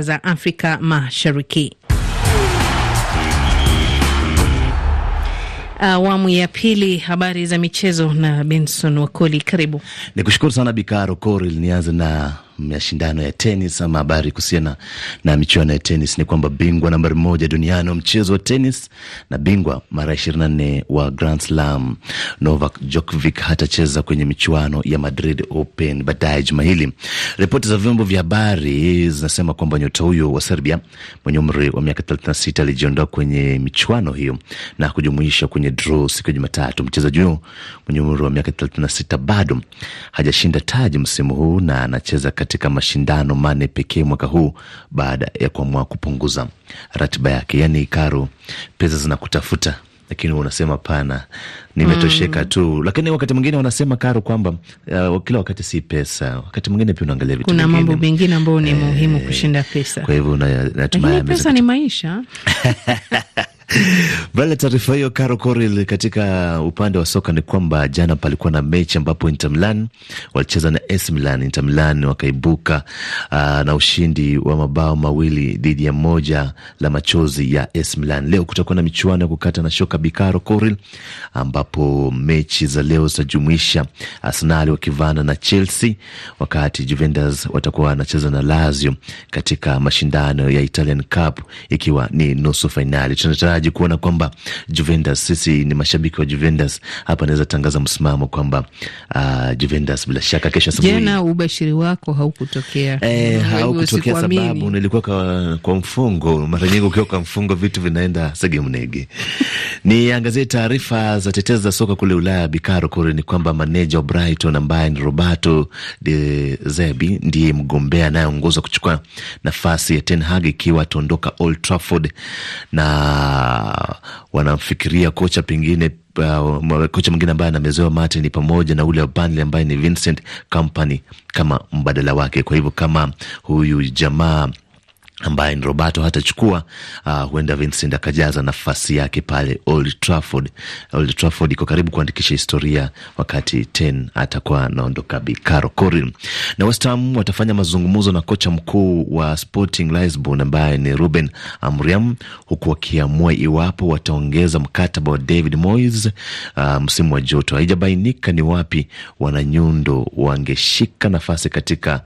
za Afrika Mashariki. Awamu ya pili, habari za michezo na Benson Wakoli. Karibu. Nikushukuru sana Bikaro Koril. Nianze na mashindano ya tenis ama habari kuhusiana na michuano ya tenis ni kwamba bingwa nambari moja duniani wa mchezo wa tenis na bingwa mara na nne wa Grand Slam Novak Djokovic hatacheza kwenye michuano ya Madrid Open baadaye juma hili. Ripoti za vyombo vya habari zinasema kwamba nyota huyo wa Serbia mwenye umri wa miaka na sita alijiondoa kwenye michuano hiyo na kujumuisha kwenye draw siku ya Jumatatu. Mchezaji huyo mwenye umri wa miaka na sita bado hajashinda taji msimu huu na anacheza katika mashindano mane pekee mwaka huu baada ya kuamua kupunguza ratiba yake. yani Karo, pesa zinakutafuta lakini unasema pana, nimetosheka mm. tu. Lakini wakati mwingine wanasema Karo kwamba uh, kila wakati si pesa, wakati mwingine pia unaangalia vitu, kuna mambo mengine ambayo ni muhimu eh, kushinda pesa. Kwa hivyo natumai pesa ni maisha Mbali na taarifa hiyo, Caro Coril, katika upande wa soka ni kwamba jana palikuwa na mechi ambapo Inter Milan walicheza na AC Milan. Inter Milan wakaibuka uh, na ushindi wa mabao mawili dhidi ya moja la machozi ya AC Milan. Leo kutakuwa na michuano ya kukata na shoka bikaro Coril, ambapo mechi za leo zitajumuisha Arsenal wakivana na Chelsea, wakati Juventus watakuwa wanacheza na Lazio katika mashindano ya Italian Cup ikiwa ni nusu fainali. Tunataraji wachezaji kuona kwamba Juventus, sisi ni mashabiki wa Juventus hapa, anaweza tangaza msimamo kwamba uh, Juventus bila shaka kesho asubuhi. Jana ubashiri wako haukutokea, eh, haukutokea sababu nilikuwa kwa, kwa mfungo. Mara nyingi ukiwa kwa mfungo vitu vinaenda sege segemnege. Niangazie taarifa za tetezi za soka kule Ulaya. Bikaro kule ni kwamba maneja wa Brighton ambaye ni Roberto De Zerbi ndiye mgombea anayeongoza kuchukua nafasi ya Ten Hag ikiwa ataondoka Old Trafford na Uh, wanamfikiria kocha pengine uh, kocha mwingine ambaye anamezewa mate ni pamoja na ule wa Burnley ambaye ni Vincent Kompany kama mbadala wake. Kwa hivyo kama huyu jamaa ambaye ni Roberto hatachukua, uh, huenda Vincent akajaza nafasi yake pale Old Trafford. Old Trafford iko karibu kuandikisha historia wakati Ten atakuwa anaondoka Bikaro Korin. Na West Ham watafanya mazungumzo na kocha mkuu wa Sporting Lisbon ambaye ni Ruben Amriam, huku wakiamua iwapo wataongeza mkataba wa David Moyes uh, msimu wa joto. Haijabainika ni wapi wananyundo wangeshika nafasi katika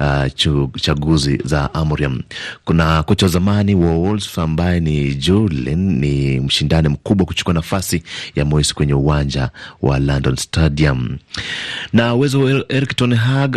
uh, chaguzi za Amriam. Kuna kocha wa zamani wa Wolves ambaye ni Julian ni mshindani mkubwa kuchukua nafasi ya Moyes kwenye uwanja wa London Stadium, na uwezo wa Erik ten Hag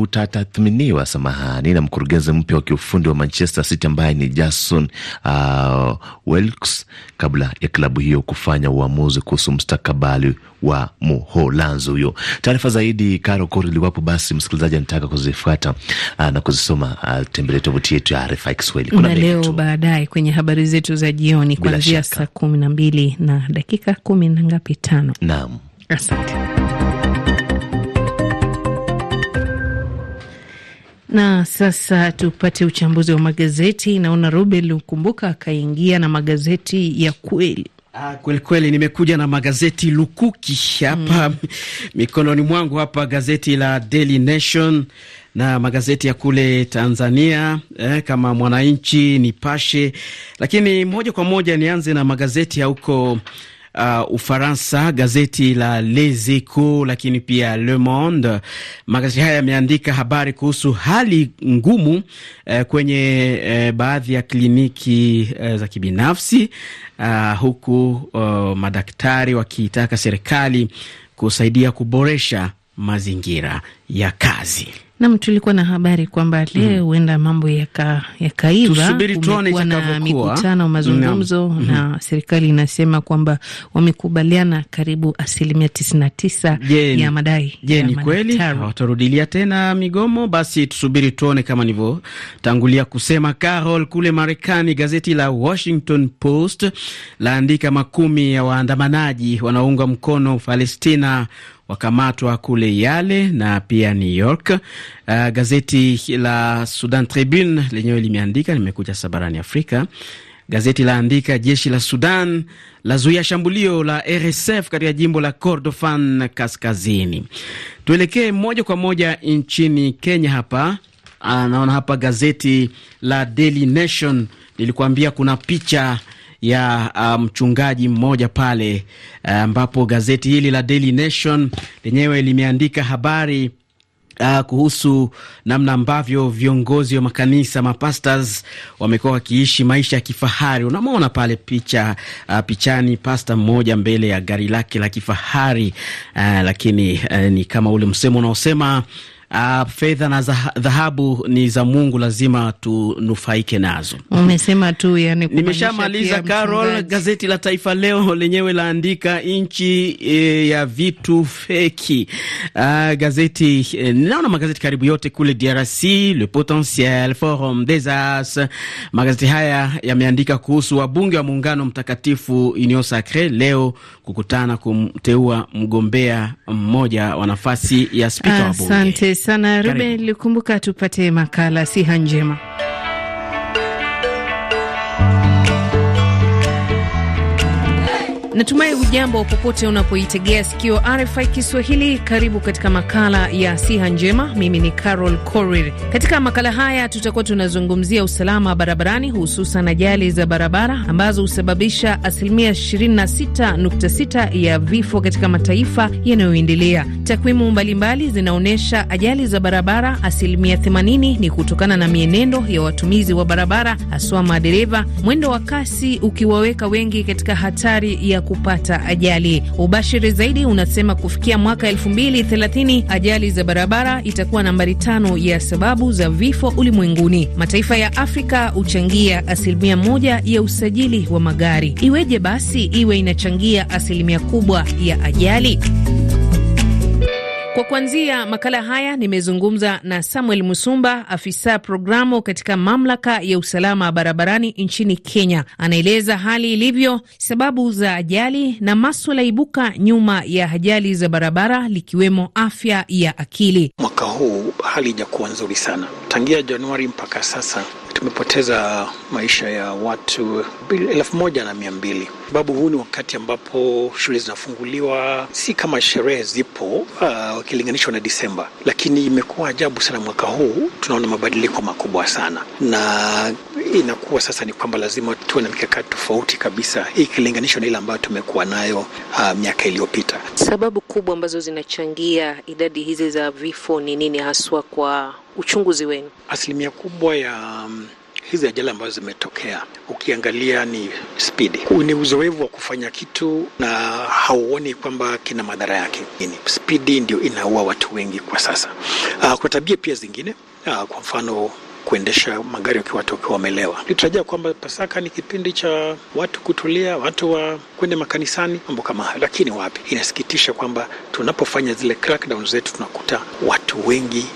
utatathminiwa, samahani, na mkurugenzi mpya wa kiufundi wa Manchester City ambaye ni Jason uh, ah, Welks kabla ya klabu hiyo kufanya uamuzi kuhusu mustakabali wa Muholanzi huyo. Taarifa zaidi Karo Kori liwapo basi msikilizaji anataka kuzifuata ah, na kuzisoma, ah, tembele tovuti yetu ya RFI Kiswahili kuna leo baadaye kwenye habari zetu za jioni kuanzia saa kumi na mbili na dakika kumi na ngapi tano. Naam, asante. Na sasa tupate uchambuzi wa magazeti. Naona Ruben Lukumbuka akaingia na magazeti ya kweli. Kweli kweli, nimekuja na magazeti lukuki hapa mm, mikononi mwangu hapa, gazeti la Daily Nation na magazeti ya kule Tanzania eh, kama Mwananchi, Nipashe, lakini moja kwa moja nianze na magazeti ya huko uh, Ufaransa, gazeti la Les Echos, lakini pia Le Monde. Magazeti haya yameandika habari kuhusu hali ngumu uh, kwenye uh, baadhi ya kliniki uh, za kibinafsi uh, huku uh, madaktari wakiitaka serikali kusaidia kuboresha mazingira ya kazi. Nam, tulikuwa na habari kwamba hmm. leo huenda mm mambo yakaiva ya na mikutano mazungumzo mm -hmm. na serikali inasema kwamba wamekubaliana karibu asilimia tisini na tisa ya madai. Je, ni kweli watarudilia tena migomo? Basi tusubiri tuone. Kama nilivyotangulia kusema Carol, kule Marekani gazeti la Washington Post laandika makumi ya waandamanaji wanaounga mkono Palestina wakamatwa kule Yale na pia New York. Uh, gazeti la Sudan Tribune lenyewe limeandika, nimekuja sasa barani Afrika. Gazeti laandika jeshi la Sudan lazuia shambulio la RSF katika jimbo la Kordofan Kaskazini. Tuelekee moja kwa moja nchini Kenya hapa. anaona ah, hapa gazeti la Daily Nation lilikuambia kuna picha ya uh, mchungaji um, mmoja pale uh, ambapo uh, gazeti hili la Daily Nation lenyewe limeandika habari Uh, kuhusu namna ambavyo viongozi wa makanisa mapastors wamekuwa wakiishi maisha ya kifahari. Unamwona pale picha uh, pichani pasta mmoja mbele ya gari lake la kifahari uh, lakini uh, ni kama ule msemo unaosema uh, fedha na dhahabu ni za Mungu, lazima tunufaike nazo. Umesema tu yani, nimeshamaliza Carol. Gazeti la Taifa Leo lenyewe laandika nchi e, ya vitu feki. Uh, gazeti e, naona magazeti karibu yote kule DRC, Le Potentiel, Forum des As, magazeti haya yameandika kuhusu wabunge wa muungano mtakatifu Union Sacre leo kukutana kumteua mgombea mmoja wa nafasi ya spika wa bunge sana Ruben, likumbuka tupate makala siha njema. Natumai ujambo popote unapoitegea sikio RFI Kiswahili. Karibu katika makala ya siha njema. Mimi ni Carol Korir. Katika makala haya tutakuwa tunazungumzia usalama barabarani, hususan ajali za barabara ambazo husababisha asilimia 26.6 ya vifo katika mataifa yanayoendelea. Takwimu mbalimbali zinaonyesha ajali za barabara asilimia 80 ni kutokana na mienendo ya watumizi wa barabara, haswa madereva, mwendo wa kasi ukiwaweka wengi katika hatari ya kupata ajali. Ubashiri zaidi unasema kufikia mwaka 2030 ajali za barabara itakuwa nambari tano ya sababu za vifo ulimwenguni. Mataifa ya Afrika huchangia asilimia moja ya usajili wa magari. Iweje basi iwe inachangia asilimia kubwa ya ajali? Kwa kuanzia makala haya nimezungumza na Samuel Musumba, afisa programu katika mamlaka ya usalama barabarani nchini Kenya. Anaeleza hali ilivyo, sababu za ajali na maswala ibuka nyuma ya ajali za barabara, likiwemo afya ya akili. Mwaka huu hali ijakuwa nzuri sana, tangia Januari mpaka sasa tumepoteza maisha ya watu elfu moja na mia mbili sababu huu ni wakati ambapo shule zinafunguliwa, si kama sherehe zipo wakilinganishwa uh, na Disemba, lakini imekuwa ajabu sana mwaka huu. Tunaona mabadiliko makubwa sana, na inakuwa sasa ni kwamba lazima tuwe na mikakati tofauti kabisa ikilinganishwa na ile ambayo tumekuwa nayo uh, miaka iliyopita. Sababu kubwa ambazo zinachangia idadi hizi za vifo ni nini haswa kwa uchunguzi wenu? Asilimia kubwa ya mm, hizi ajali ambazo zimetokea ukiangalia ni spidi, ni uzoefu wa kufanya kitu na hauoni kwamba kina madhara yake. Spidi ndio inaua watu wengi kwa sasa. Uh, kwa tabia pia zingine, ah, kwa mfano kuendesha magari wakiwa watu wakiwa wamelewa. Tulitarajia kwamba Pasaka ni kipindi cha watu kutulia, watu wa kwenda makanisani, mambo kama hayo, lakini wapi. Inasikitisha kwamba tunapofanya zile crackdown zetu tunakuta watu wengi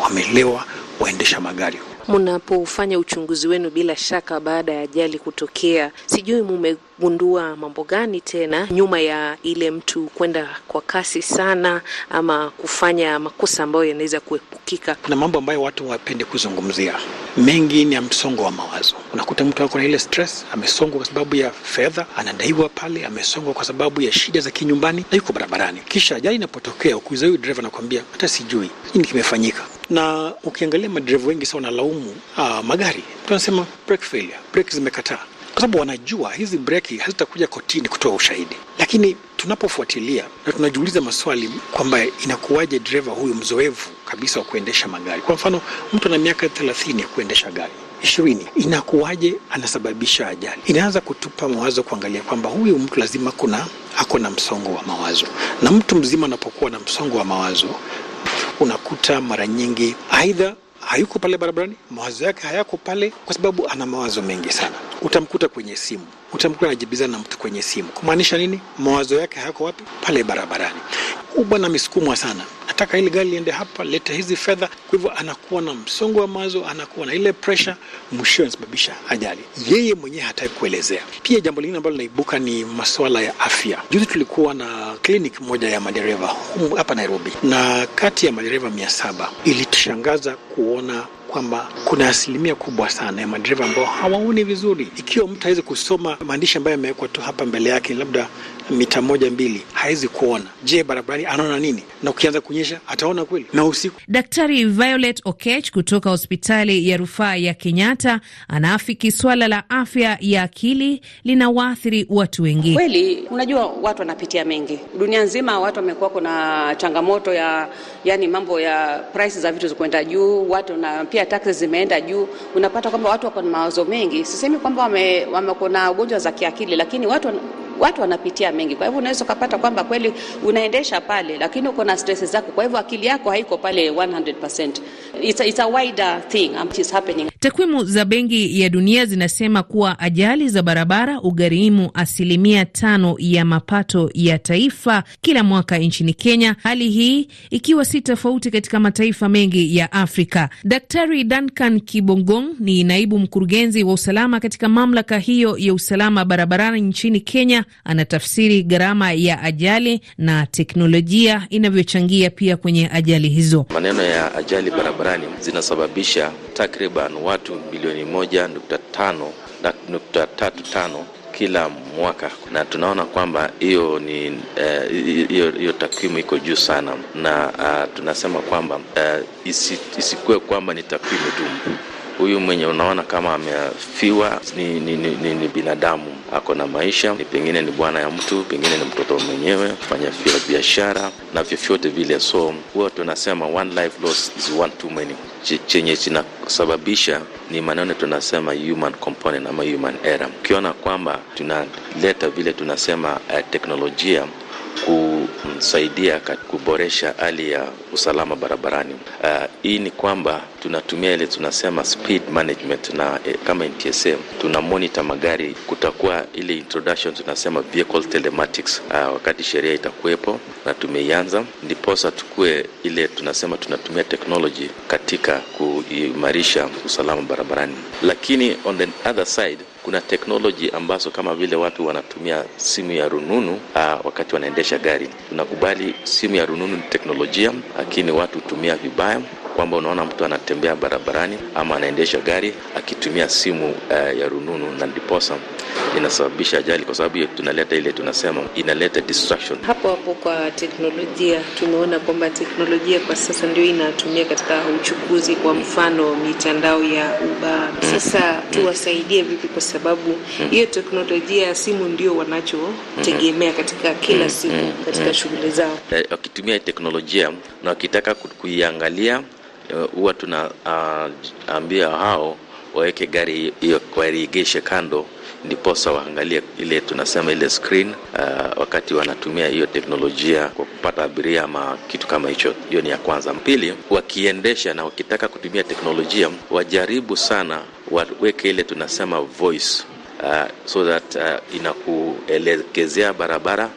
wamelewa waendesha magari mnapofanya uchunguzi wenu bila shaka baada ya ajali kutokea, sijui mumegundua mambo gani tena nyuma ya ile mtu kwenda kwa kasi sana ama kufanya makosa ambayo yanaweza kuepukika? Kuna mambo ambayo watu wapende kuzungumzia, mengi ni ya msongo wa mawazo. Unakuta mtu ako na ile stress, amesongwa kwa sababu ya fedha, anadaiwa pale, amesongwa kwa sababu ya shida za kinyumbani na yuko barabarani, kisha ajali inapotokea, ukuiza huyu dereva anakwambia hata sijui nini kimefanyika na ukiangalia madereva wengi sana wanalaumu uh, magari, tunasema brake failure, breki zimekataa, kwa sababu wanajua hizi breki hazitakuja kotini kutoa ushahidi. Lakini tunapofuatilia na tunajiuliza maswali kwamba inakuwaje dereva huyu mzoevu kabisa wa kuendesha magari, kwa mfano mtu ana miaka thelathini ya kuendesha gari ishirini inakuwaje anasababisha ajali? Inaanza kutupa mawazo kuangalia kwamba huyu mtu lazima kuna ako na msongo wa mawazo, na mtu mzima anapokuwa na msongo wa mawazo unakuta mara nyingi aidha hayuko pale barabarani, mawazo yake hayako pale, kwa sababu ana mawazo mengi sana. Utamkuta kwenye simu, utamkuta anajibizana na mtu kwenye simu. Kumaanisha nini? Mawazo yake hayako wapi? Pale barabarani. Bwana amesukumwa sana nataka ili gari liende hapa, leta hizi fedha. Kwa hivyo anakuwa na msongo wa mawazo, anakuwa na ile pressure, mwisho anasababisha ajali. Yeye mwenyewe hataki kuelezea. Pia jambo lingine ambalo linaibuka ni masuala ya afya. Juzi tulikuwa na clinic moja ya madereva hapa Nairobi, na kati ya madereva mia saba ilitushangaza kuona kwamba kuna asilimia kubwa sana ya madereva ambao hawaoni vizuri. Ikiwa mtu hawezi kusoma maandishi ambayo yamewekwa tu hapa mbele yake, labda mita moja mbili hawezi kuona. Je, barabarani anaona nini? Na ukianza kunyesha ataona kweli? Na usiku. Daktari Violet Okech kutoka hospitali ya rufaa ya Kenyatta anaafiki swala la afya ya akili linawaathiri watu wengi. Kweli, unajua watu wanapitia mengi dunia nzima, watu wamekuwa kuna changamoto ya yani mambo ya prices za vitu zikuenda juu, watu na pia taxes zimeenda juu. Unapata kwamba watu wako na mawazo mengi. Sisemi kwamba wamekuwa na ugonjwa za kiakili, lakini watu watu wanapitia mengi. Kwa hivyo unaweza ukapata kwamba kweli unaendesha pale, lakini uko na stress zako, kwa hivyo akili yako haiko pale 100%. It's a, it's a wider thing um, which is happening. Takwimu za Benki ya Dunia zinasema kuwa ajali za barabara ugharimu asilimia tano ya mapato ya taifa kila mwaka nchini Kenya, hali hii ikiwa si tofauti katika mataifa mengi ya Afrika. Daktari Duncan Kibongong ni naibu mkurugenzi wa usalama katika mamlaka hiyo ya usalama barabarani nchini Kenya. Anatafsiri gharama ya ajali na teknolojia inavyochangia pia kwenye ajali hizo. Maneno ya ajali barabarani zinasababisha takriban watu bilioni moja nukta tano nukta tatu tano kila mwaka na tunaona kwamba hiyo ni eh, hiyo eh, takwimu iko juu sana, na uh, tunasema kwamba uh, isi, isikuwe kwamba ni takwimu tu huyu mwenye unaona kama amefiwa ni, ni, ni, ni, ni binadamu ako na maisha, ni pengine ni bwana ya mtu, pengine ni mtoto mwenyewe fanya biashara na vyovyote vile. So huwa tunasema one life loss is one too many. Chenye chinasababisha ni maneno tunasema human component ama human error. Ukiona kwamba tunaleta vile tunasema uh, teknolojia kumsaidia kuboresha hali ya usalama barabarani. Uh, hii ni kwamba tunatumia ile tunasema speed management na eh, kama NTSA tuna monitor magari. Kutakuwa ile introduction tunasema vehicle telematics uh, wakati sheria itakuwepo na tumeianza, ndiposa tukue ile tunasema tunatumia technology katika kuimarisha usalama barabarani, lakini on the other side kuna teknoloji ambazo kama vile watu wanatumia simu ya rununu aa, ah, wakati wanaendesha gari. Tunakubali simu ya rununu ni teknolojia, lakini watu hutumia vibaya kwamba unaona mtu anatembea barabarani ama anaendesha gari akitumia simu uh, ya rununu na ndiposa inasababisha ajali, kwa sababu tunaleta ile tunasema inaleta distraction. Hapo hapo kwa teknolojia, tumeona kwamba teknolojia kwa sasa ndio inatumia katika uchukuzi, kwa mfano mitandao ya Uber. Mm. Sasa mm. tuwasaidie vipi? Kwa sababu mm. hiyo teknolojia ya simu ndio wanachotegemea mm-hmm. katika kila mm-hmm. siku mm-hmm. katika shughuli zao, eh, wakitumia teknolojia na wakitaka kuiangalia eh, huwa tunaambia ah, uh, hao waweke gari hiyo, wairegeshe kando ndiposa waangalie ile tunasema ile screen uh, wakati wanatumia hiyo teknolojia kwa kupata abiria ama kitu kama hicho. Hiyo ni ya kwanza. Pili, wakiendesha na wakitaka kutumia teknolojia wajaribu sana waweke ile tunasema voice uh, so that uh, inakuelekezea barabara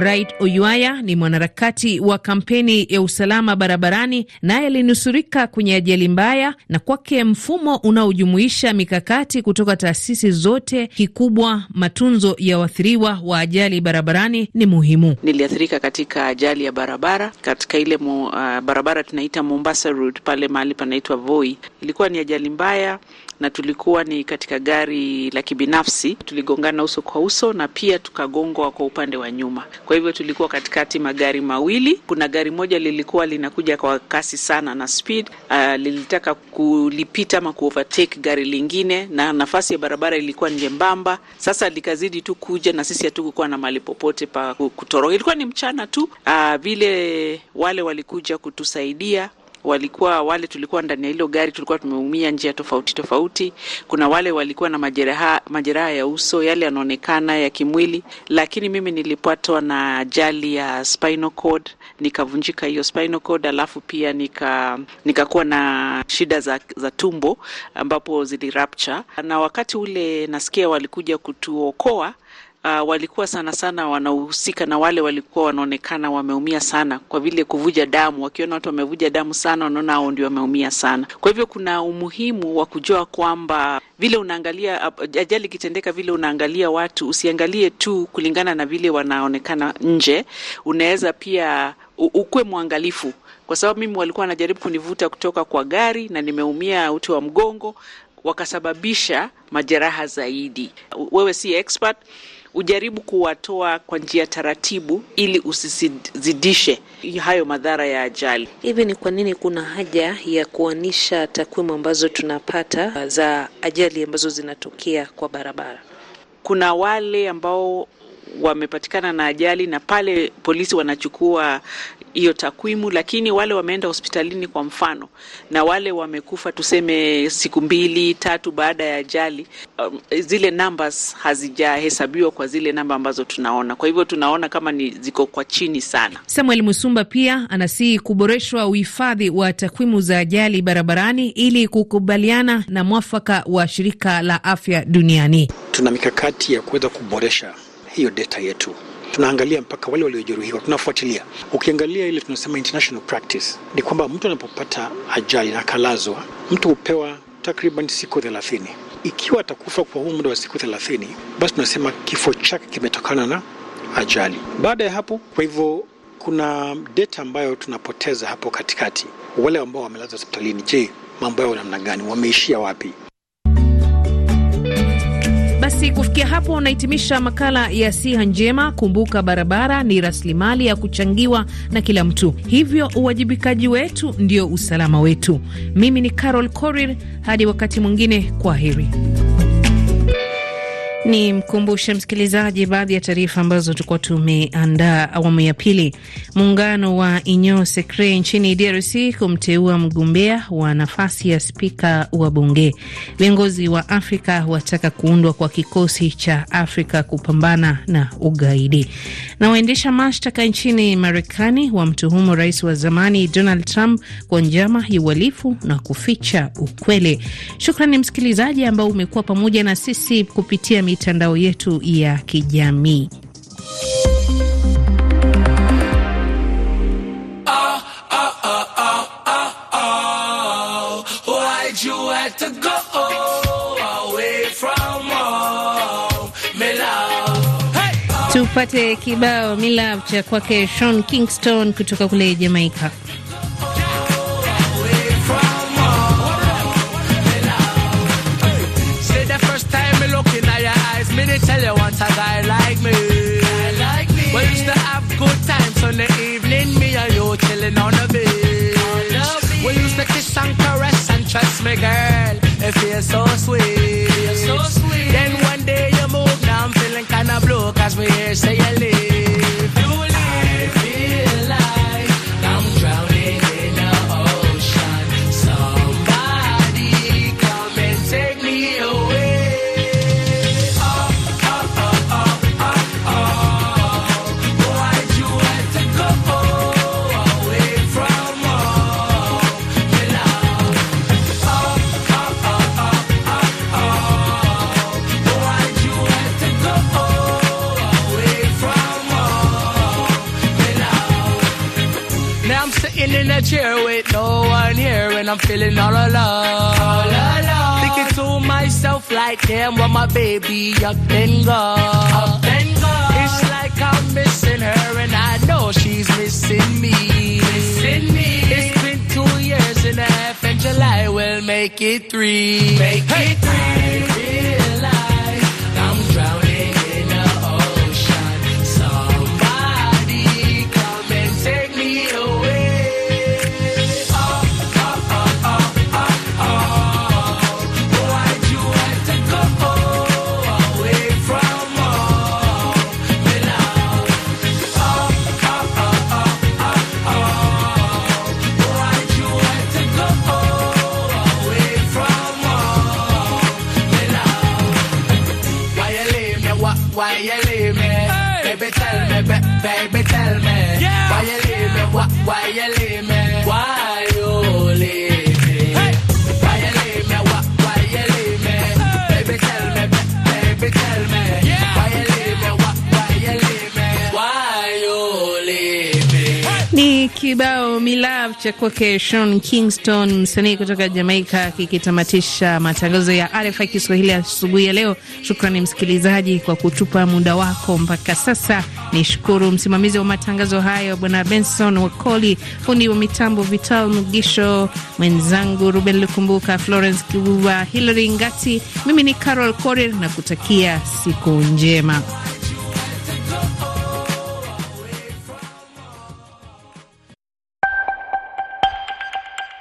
Bright Oyuaya ni mwanaharakati wa kampeni ya usalama barabarani, naye alinusurika kwenye ajali mbaya, na kwake mfumo unaojumuisha mikakati kutoka taasisi zote, kikubwa matunzo ya waathiriwa wa ajali barabarani ni muhimu. Niliathirika katika ajali ya barabara katika ile mu, uh, barabara tunaita Mombasa Road pale mahali panaitwa Voi. Ilikuwa ni ajali mbaya na tulikuwa ni katika gari la kibinafsi. Tuligongana uso kwa uso na pia tukagongwa kwa upande wa nyuma. Kwa hivyo tulikuwa katikati magari mawili. Kuna gari moja lilikuwa linakuja kwa kasi sana na speed, uh, lilitaka kulipita ama kuovertake gari lingine, na nafasi ya barabara ilikuwa nyembamba. Sasa likazidi tu kuja, na sisi hatukukuwa na mali popote pa kutoroka. Ilikuwa ni mchana tu, uh, vile wale walikuja kutusaidia walikuwa wale tulikuwa ndani ya hilo gari tulikuwa tumeumia njia tofauti tofauti. Kuna wale walikuwa na majeraha, majeraha ya uso yale yanaonekana ya kimwili, lakini mimi nilipatwa na ajali ya spinal cord, nikavunjika hiyo spinal cord, alafu pia nika nikakuwa na shida za, za tumbo ambapo zilirapture, na wakati ule nasikia walikuja kutuokoa uh, walikuwa sana sana wanahusika na wale walikuwa wanaonekana wameumia sana kwa vile kuvuja damu. Wakiona watu wamevuja damu sana, wanaona hao ndio wameumia sana. Kwa hivyo kuna umuhimu wa kujua kwamba vile unaangalia ajali ikitendeka, vile unaangalia watu, usiangalie tu kulingana na vile wanaonekana nje. Unaweza pia ukuwe mwangalifu, kwa sababu mimi walikuwa wanajaribu kunivuta kutoka kwa gari na nimeumia uti wa mgongo, wakasababisha majeraha zaidi. Wewe si expert ujaribu kuwatoa kwa njia taratibu, ili usizidishe hayo madhara ya ajali. Hivi ni kwa nini kuna haja ya kuanisha takwimu ambazo tunapata za ajali ambazo zinatokea kwa barabara? Kuna wale ambao wamepatikana na ajali na pale polisi wanachukua hiyo takwimu, lakini wale wameenda hospitalini kwa mfano na wale wamekufa tuseme siku mbili tatu baada ya ajali, um, zile numbers hazijahesabiwa kwa zile namba ambazo tunaona. Kwa hivyo tunaona kama ni ziko kwa chini sana. Samuel Musumba pia anasihi kuboreshwa uhifadhi wa takwimu za ajali barabarani ili kukubaliana na mwafaka wa shirika la afya duniani. Tuna mikakati ya kuweza kuboresha hiyo data yetu tunaangalia mpaka wale waliojeruhiwa, tunafuatilia. Ukiangalia ile tunasema international practice ni kwamba mtu anapopata ajali na akalazwa, mtu hupewa takriban siku thelathini. Ikiwa atakufa kwa huu muda wa siku thelathini, basi tunasema kifo chake kimetokana na ajali. Baada ya hapo, kwa hivyo kuna data ambayo tunapoteza hapo katikati. Wale ambao wamelazwa hospitalini, je, mambo yao namna gani? Wameishia wapi? Basi kufikia hapo unahitimisha makala ya siha njema. Kumbuka, barabara ni rasilimali ya kuchangiwa na kila mtu, hivyo uwajibikaji wetu ndio usalama wetu. Mimi ni Carol Korir, hadi wakati mwingine, kwa heri. Ni mkumbushe msikilizaji baadhi ya taarifa ambazo tulikuwa tumeandaa awamu ya pili. Muungano wa Inyo Sekre nchini DRC kumteua mgombea wa nafasi ya spika wa bunge. Viongozi wa Afrika wataka kuundwa kwa kikosi cha Afrika kupambana na ugaidi. Na waendesha mashtaka nchini Marekani wamtuhumu rais wa zamani Donald Trump kwa njama ya uhalifu na kuficha ukweli. Shukrani msikilizaji ambao umekuwa pamoja na sisi kupitia mitandao yetu ya kijamii. Tupate kibao milav cha kwake Sean Kingston kutoka kule Jamaika. dancing on the beach. On the beach. We used to kiss and caress and trust me, girl. It feels so Sitting in a chair with no one here and I'm feeling all alone. All alone. Thinking to myself like, damn, what my baby up and gone. Up and gone. It's like I'm missing her and I know she's missing me. Missing me. It's been two years and a half and July will make it three. Make hey. it three. kibao milav cha kwake Sean Kingston, msanii kutoka Jamaika, kikitamatisha matangazo ya RFI Kiswahili asubuhi ya leo. Shukrani msikilizaji kwa kutupa muda wako mpaka sasa. ni shukuru msimamizi wa matangazo hayo Bwana Benson Wakoli, fundi wa mitambo Vital Mugisho, mwenzangu Ruben Lukumbuka, Florence Kibuva, Hilary Ngati. Mimi ni Carol Korir na kutakia siku njema.